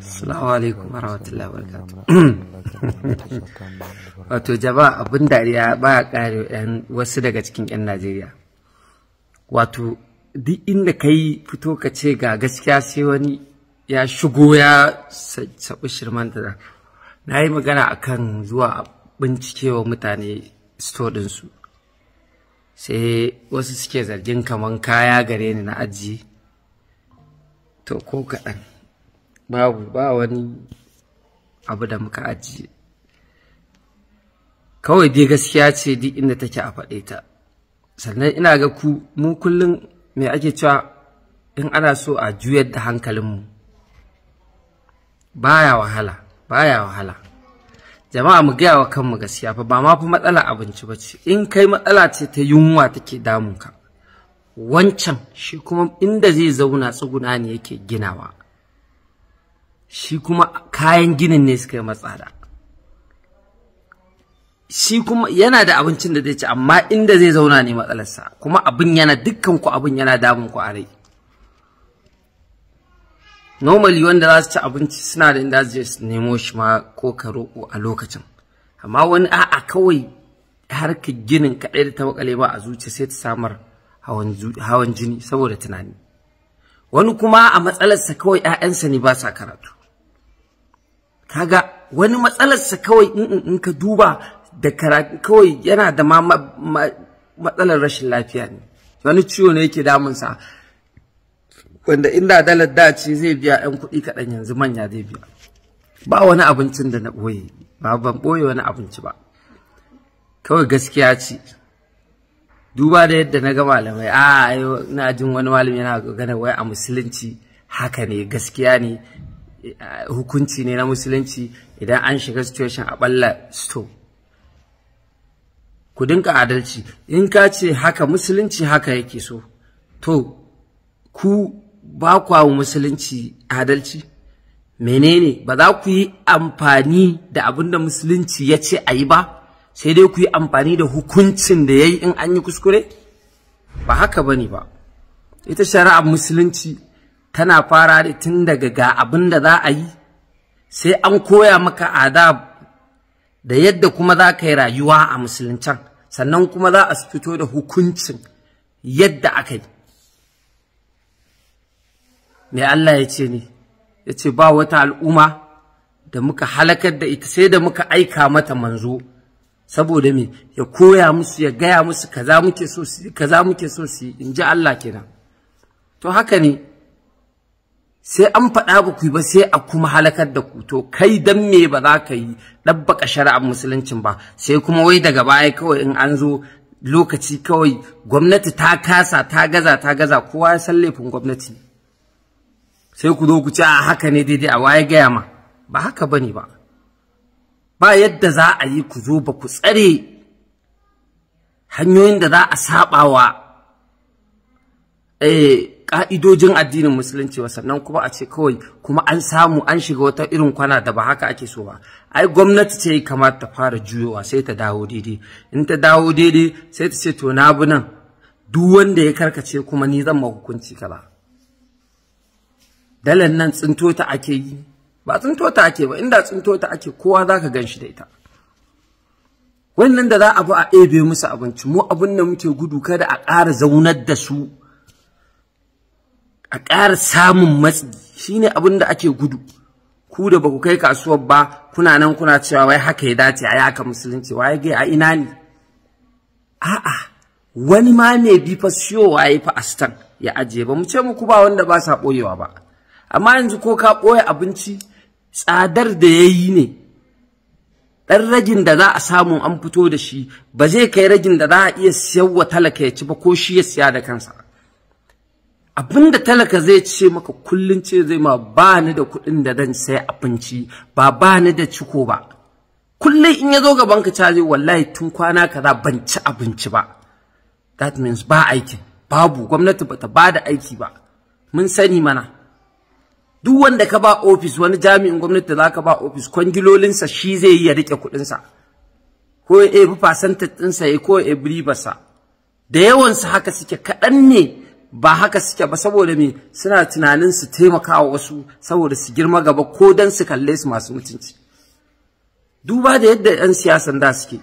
Assalamu alaikum warahmatullahi wabarakatuh. Wato jama'a abin dariya baya kare wasu daga cikin yan Najeriya. Wato duk inda kai fito ka ce ga gaskiya sai wani ya shigo ya sabu shirman da na yi magana akan zuwa bincikewa mutane sto ɗinsu sai wasu suke zargin kaman kaya gare ni na ajiye to ko kaɗan babu ba wani abu da muka ajiye kawai dai gaskiya ce duk inda take a faɗe ta sannan ina ga ku mu kullum mai ake cewa in ana so a juyar da hankalinmu baya wahala baya wahala jama'a mu gaya wa kanmu gaskiya fa ba ma fi matsala abinci ba ce in kai matsala ce ta yunwa take damunka wancan shi kuma inda zai zauna tsuguna ne yake ginawa shi kuma kayan ginin ne suka yi matsada shi kuma yana da abincin da zai ci amma inda zai zauna ne matsalarsa kuma abin yana dukkan ku abin yana damun ku a rai normally wanda za su ci abinci suna da inda zai su nemo shi ma ko ka roƙo a lokacin amma wani a'a kawai harkar ginin kaɗai da ta makale ba a zuciya sai ta samar hawan jini saboda tunani wani kuma a matsalarsa kawai 'ya'yansa ne ba sa karatu kaga wani matsalarsa kawai in ka duba da karatu kawai yana da ma matsalar rashin lafiya ne wani ciwo ne yake damunsa wanda inda dalar dace zai biya 'yan kuɗi kaɗan yanzu manya zai biya ba wani abincin da na ɓoye ba ban ɓoye wani abinci ba kawai gaskiya ce duba da yadda na ga malamai a ah, ina jin wani malami yana gana wai a musulunci haka ne gaskiya ne Eh, hukunci ne na musulunci idan an shiga situation a balla store ku dinka adalci in ka ce haka musulunci haka yake so to ku ba kwa musulunci adalci menene ba za ku yi amfani da abin da musulunci ya ce a yi ba sai dai ku yi amfani da hukuncin da ya yi in an yi kuskure ba haka ba ne ba ita shari'ar musulunci tana fara tun daga ga abin da za a yi sai an koya maka adab da yadda kuma za ka yi rayuwa a musuluncan sannan kuma za a fito da hukuncin yadda aka yi mai Allah ya ce ne ya ce ba wata al'umma da muka halakar da ita sai da muka aika mata manzo saboda me ya koya musu ya gaya musu kaza muke so su kaza muke so su in ji Allah kenan to haka ne sai an faɗa ba ku ba sai a kuma halakar da ku to kai dan me ba za ka yi ɗabbaka shari'ar musuluncin ba sai kuma wai daga baya kawai in an zo lokaci kawai gwamnati ta kasa ta gaza ta gaza kowa ya san laifin gwamnati sai ku zo ku ce a haka ne daidai a waye gaya ma ba haka bane ba ba yadda za a yi ku zo ba ku tsare hanyoyin da za a saɓawa eh ka'idojin addinin musulunci ba sannan kuma a ce kawai kuma an samu an shiga wata irin kwana da ba haka ake so ba ai gwamnati ce kamata ta fara juyowa sai ta dawo daidai in ta dawo daidai sai ta ce to na bi nan duk wanda ya karkace kuma ni zan hukunci kaza dalan nan tsintota ake yi ba tsintota ake ba inda tsintota ake kowa za ka gan shi da ita wannan da za a bi a ebe musu abinci mu abin da muke gudu kada a ƙara zaunar da su a ƙara samun matsi shine abin da ake gudu ku da ba ku kai kasuwar ba kuna nan kuna cewa wai haka ya dace a yaka musulunci wai ga a ina ne a'a wani ma ne bi fa wa ya fa astan ya ajiye ba mu ce muku ba wanda ba sa ɓoyewa ba amma yanzu ko ka ɓoye abinci tsadar da ya yi ne ɗan ragin da za a samu an fito da shi ba zai kai ragin da za a iya siyar wa talaka ya ci ba ko shi ya siya da kansa Abin da talaka zai ce maka kullun ce zai ma ba ni da kuɗin da zan sai abinci ba ba ni da ciko ba Kullum in ya zo gaban ka caje wallahi tun kwana kaza ban ci abinci ba that means ba aiki. babu gwamnati ba ta ba da aiki ba mun sani mana duk wanda ka ba ofis wani jami'in gwamnati da ka ba ofis kwangilolinsa shi zai yi ya rike kuɗinsa ko ya percentage ɗinsa ya ko ya ebi ribarsa da yawansa haka suke kaɗan ne ba haka suke ba saboda me suna tunanin su taimakawa wasu saboda su girma gaba ko dan su kalle su masu mutunci duba da yadda yan siyasan da suke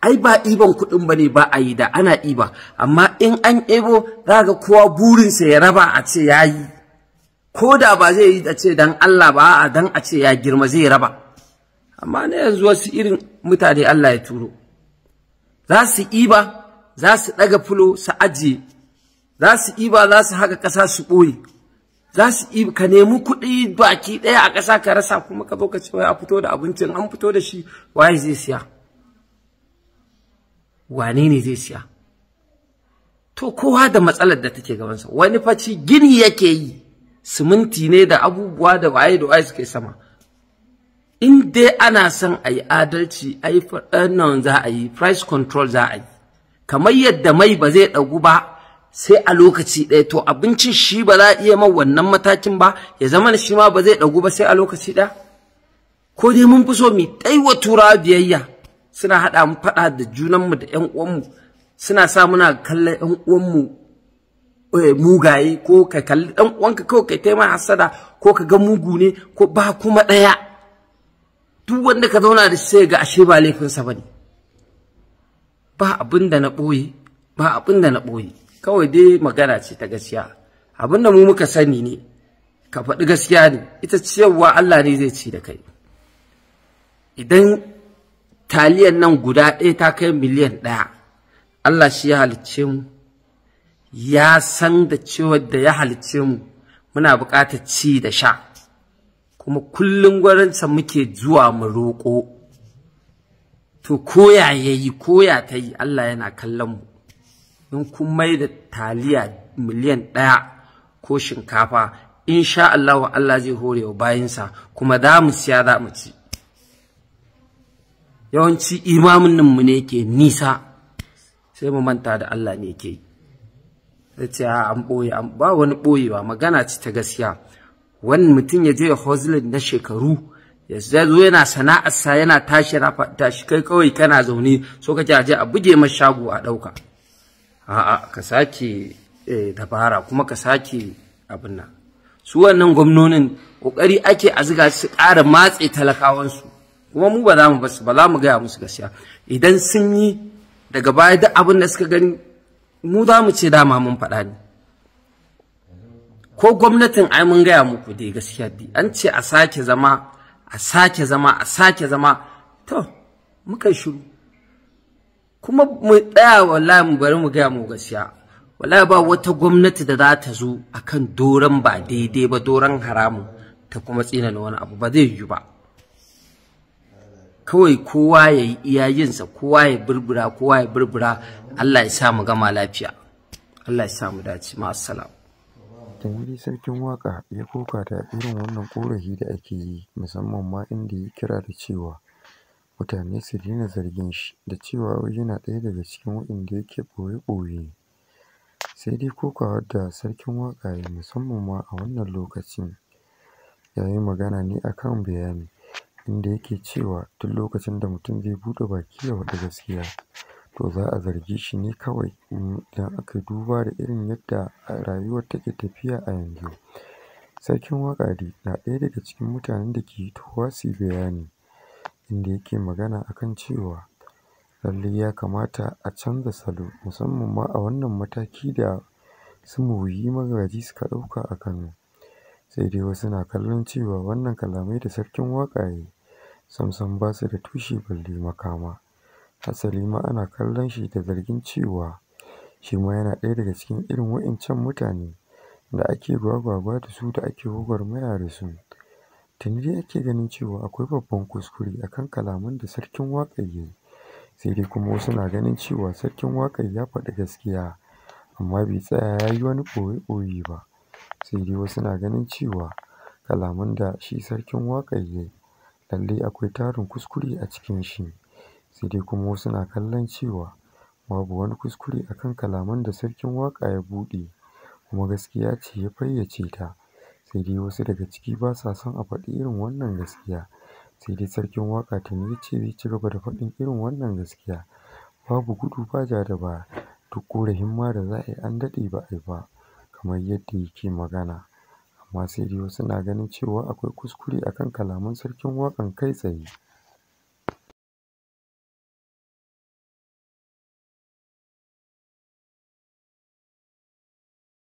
ai ba iban kuɗin ba ne ba a yi da ana iba amma in an ebo za ga kowa burinsa ya raba a ce ya yi ko da ba zai yi a ce dan Allah ba a dan a ce ya girma zai raba amma na yanzu wasu irin mutane Allah ya turo za su iba za su ɗaga fulo su ajiye za su iba za su haka ƙasa su ɓoye za su iba ka nemi kuɗi baki ɗaya a ƙasa ka rasa kuma ka zo ka ce a fito da abincin an fito da shi waye zai siya wane ne zai siya to kowa da matsalar da take gabansa wani faci gini yake yi siminti ne da abubuwa da waye da waye suke sama in dai ana son a yi adalci a yi za a yi price control za a yi kamar yadda mai ba zai ɗagu ba sai a lokaci ɗaya to abincin shi ba za a iya ma wannan matakin ba ya zama shi ma ba zai ɗagu ba sai a lokaci ɗaya ko dai mun fi so mu ɗai wa turawa biyayya suna haɗa mu faɗa da junanmu da ƴan uwanmu suna sa muna kallon ƴan uwanmu eh, mugaye ko ka kalli ɗan uwanka kawai kai taimaka hasada ko ka ga mugu ne ko ba kuma ɗaya duk wanda ka zauna da shi sai ga ashe ba laifinsa ba ne ba abin na ɓoye ba abin na ɓoye kawai dai magana ce ta gaskiya abin da mu muka sani ne ka faɗi gaskiya ne ita ciyarwa Allah ne zai ci da kai idan taliyan nan guda ɗaya ta kai miliyan ɗaya Allah shi ya halicce mu ya san da cewa da ya halicce mu muna buƙatar ci da sha kuma kullum gwarinsa muke zuwa mu roƙo to koya yayi koya ta yi Allah yana kallon mu in kun mai da taliya miliyan ɗaya ko shinkafa insha Allah Allah zai hore wa bayansa. kuma za mu siya za mu ci yawanci imamin nan mu ne ke nisa sai mu manta da Allah ne ke sai ce an ɓoye an ba wani ɓoye ba magana ce ta gaskiya wani mutum ya je hozlin na shekaru ya zo yana sana'arsa yana tashi kai kawai kana zaune so kake aje a buge ma shago a ɗauka a'a ka sake eh, dabara kuma ka sake abin nan su wannan gwamnonin kokari ake a zuga su ƙara matse talakawansu kuma mu ba za mu ba za mu gaya musu gaskiya idan sun yi daga baya duk abin da suka gani mu za mu ce dama mun faɗa ne ko gwamnatin ai mun gaya muku dai gaskiya dai an ce a sake zama a sake zama a sake zama to muka shiru kuma mu tsaya wallahi mu bari mu gaya mu gaskiya wallahi ba wata gwamnati da za ta zo akan doron ba daidai ba doron haramu, ta kuma tsina wani abu ba zai yiwu ba kawai kowa ya yi iyayensa kowa ya burbura kowa ya burbura Allah ya sa mu gama lafiya Allah ya sa mu dace ma assalam yi sarkin waka ya koka ta irin wannan korafi da ake yi musamman ma inda ya kira da cewa mutane su daina zargin shi da cewa wai yana ɗaya daga cikin waɗanda yake ɓoye-ɓoye. Sai dai ko kuwa da Sarkin Waƙa musamman ma a wannan lokacin ya yi magana ne a kan bayani, inda yake cewa duk lokacin da mutum zai buɗe baki ya faɗi gaskiya to za a zarge shi ne kawai idan aka duba da irin yadda rayuwar take tafiya a yanzu. Sarkin Waƙa dai na ɗaya daga cikin mutanen da ke fitowa su yi bayani inda yake magana akan cewa lallai ya kamata a canza salo musamman ma a wannan mataki da su Magaji suka ɗauka a Kano, sai dai wasu na kallon cewa wannan kalamai da sarkin waƙa ya yi sam-sam ba su da tushe balle makama, hasali ma ana kallon shi da zargin cewa shi ma yana ɗaya daga cikin irin waɗancan mutane da ake gwagwagwa da su da ake gwagwarmaya da su. Tuni dai ake ganin cewa akwai babban kuskure a kan kalaman da sarkin waƙar ya yi, sai dai kuma wasu na ganin cewa sarkin waƙar ya faɗi gaskiya, amma bai tsaya ya yi wani ɓoye-ɓoye ba, sai dai wasu na ganin cewa kalaman da shi sarkin waƙar ya yi lallai akwai tarin kuskure a cikin shi, sai dai kuma wasu na kallon cewa babu wani kuskure a kan kalaman da sarkin waƙa ya buɗe, kuma gaskiya ce ya fayyace ta. sai dai wasu daga ciki ba sa son a faɗi irin wannan gaskiya sai dai sarkin waƙa tuni ya ce zai ci gaba da faɗin irin wannan gaskiya babu gudu ba ja da ba, duk ƙorafin ma da za a yi an daɗe ba a yi ba kamar yadda yake magana amma sai dai wasu na ganin cewa akwai kuskure akan kalaman sarkin waƙan kai tsaye.